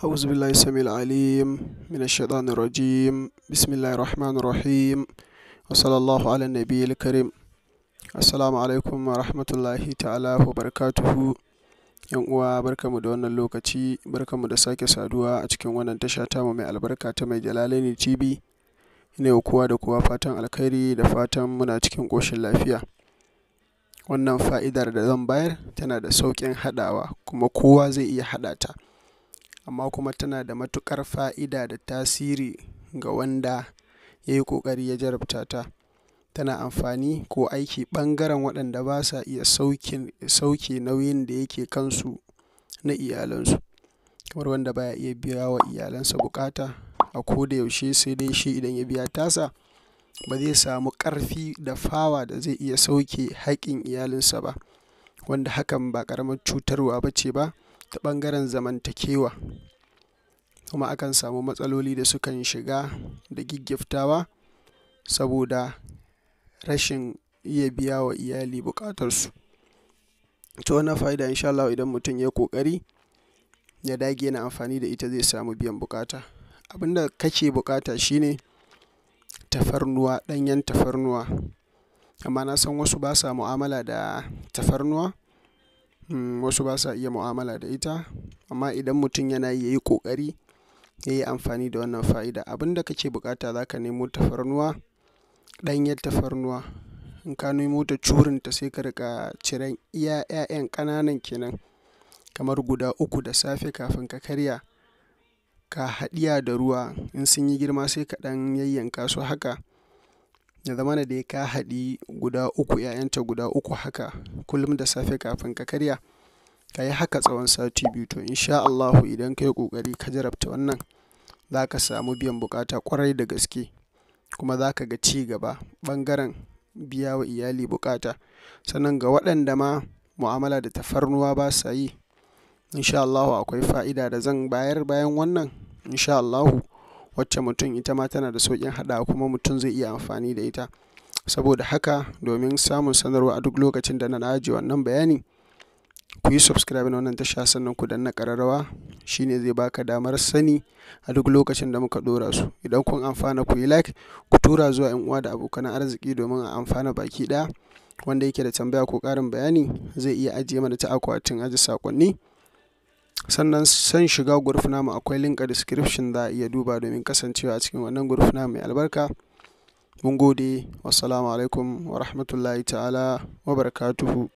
أعوذ بالله السميع العليم من الشيطان الرجيم بسم الله الرحمن الرحيم وصلى الله على النبي الكريم السلام عليكم ورحمة الله تعالى وبركاته yan uwa mu da wannan lokaci mu da sake saduwa a cikin wannan tasha ta mai albarka ta mai jalalaini cibi ina kowa da kowa fatan alkhairi da fatan muna cikin ƙoshin lafiya wannan fa'idar da zan bayar tana da sauƙin haɗawa kuma kowa zai iya haɗa ta amma kuma tana da matukar fa'ida da tasiri ga wanda ya yi ƙoƙari ya jarabta ta, tana amfani ko aiki ɓangaren waɗanda ba sa iya sauke nauyin da yake kansu na iyalansu, kamar wanda ba ya iya biya wa iyalansa buƙata a yaushe sai dai shi idan ya biya tasa, ba zai samu ƙarfi da fawa da zai iya sauke haƙƙin iyalinsa ba, wanda hakan ba ƙaramar cutarwa ba ce ba ta ɓangaren zamantakewa kuma akan samu matsaloli da sukan shiga da giggiftawa saboda rashin iya biya wa iyali buƙatarsu ta wannan fa'ida insha Allah idan mutum ya ƙoƙari ya dage yana amfani da ita zai samu biyan buƙata abinda kake buƙata shine tafarnuwa ɗanyen tafarnuwa amma na san wasu ba sa mu'amala da tafarnuwa wasu ba sa iya mu'amala da ita amma idan mutum yana yi ya yi ƙoƙari ya yi amfani da wannan fa'ida abin da kake bukata za ka nemo tafarnuwa ɗanyar tafarnuwa in ka nemo ta curinta sai ka riƙa ciren iya 'ya'yan ƙananan kenan kamar guda uku da safe kafin ka karya ka haɗiya da ruwa in sun yi girma sai ka ɗan yayyanka su haka ya zamana dai ka haɗi guda uku 'ya'yanta guda uku haka kullum da safe kafin ka karya ka yi haka tsawon sati biyu to insha Allah idan ka yi ƙoƙari ka jarabta wannan za ka samu biyan buƙata ƙwarai da gaske kuma za ka ga ci gaba ɓangaren biya wa iyali buƙata sannan ga waɗanda ma mu'amala da tafarnuwa ba sa yi insha akwai fa'ida da zan bayar bayan wannan insha wacce mutum ita ma tana da sauƙin haɗawa kuma mutum zai iya amfani da ita saboda haka domin samun sanarwa a duk lokacin da na ajiye wannan bayani ku yi subscribe na wannan tasha sannan ku danna ƙararrawa shine zai baka damar sani a duk lokacin da muka ɗora su idan kun amfana ku yi like ku tura zuwa yan uwa da abokan arziki domin a amfana baki ɗaya wanda yake da tambaya ko ƙarin bayani zai iya ajiye mana ta akwatin aji sakonni sannan san shiga group mu akwai link a description za a iya duba domin kasancewa a cikin wannan group mai albarka mun gode wassalamu alaikum wa rahmatullahi ta'ala wa barakatuhu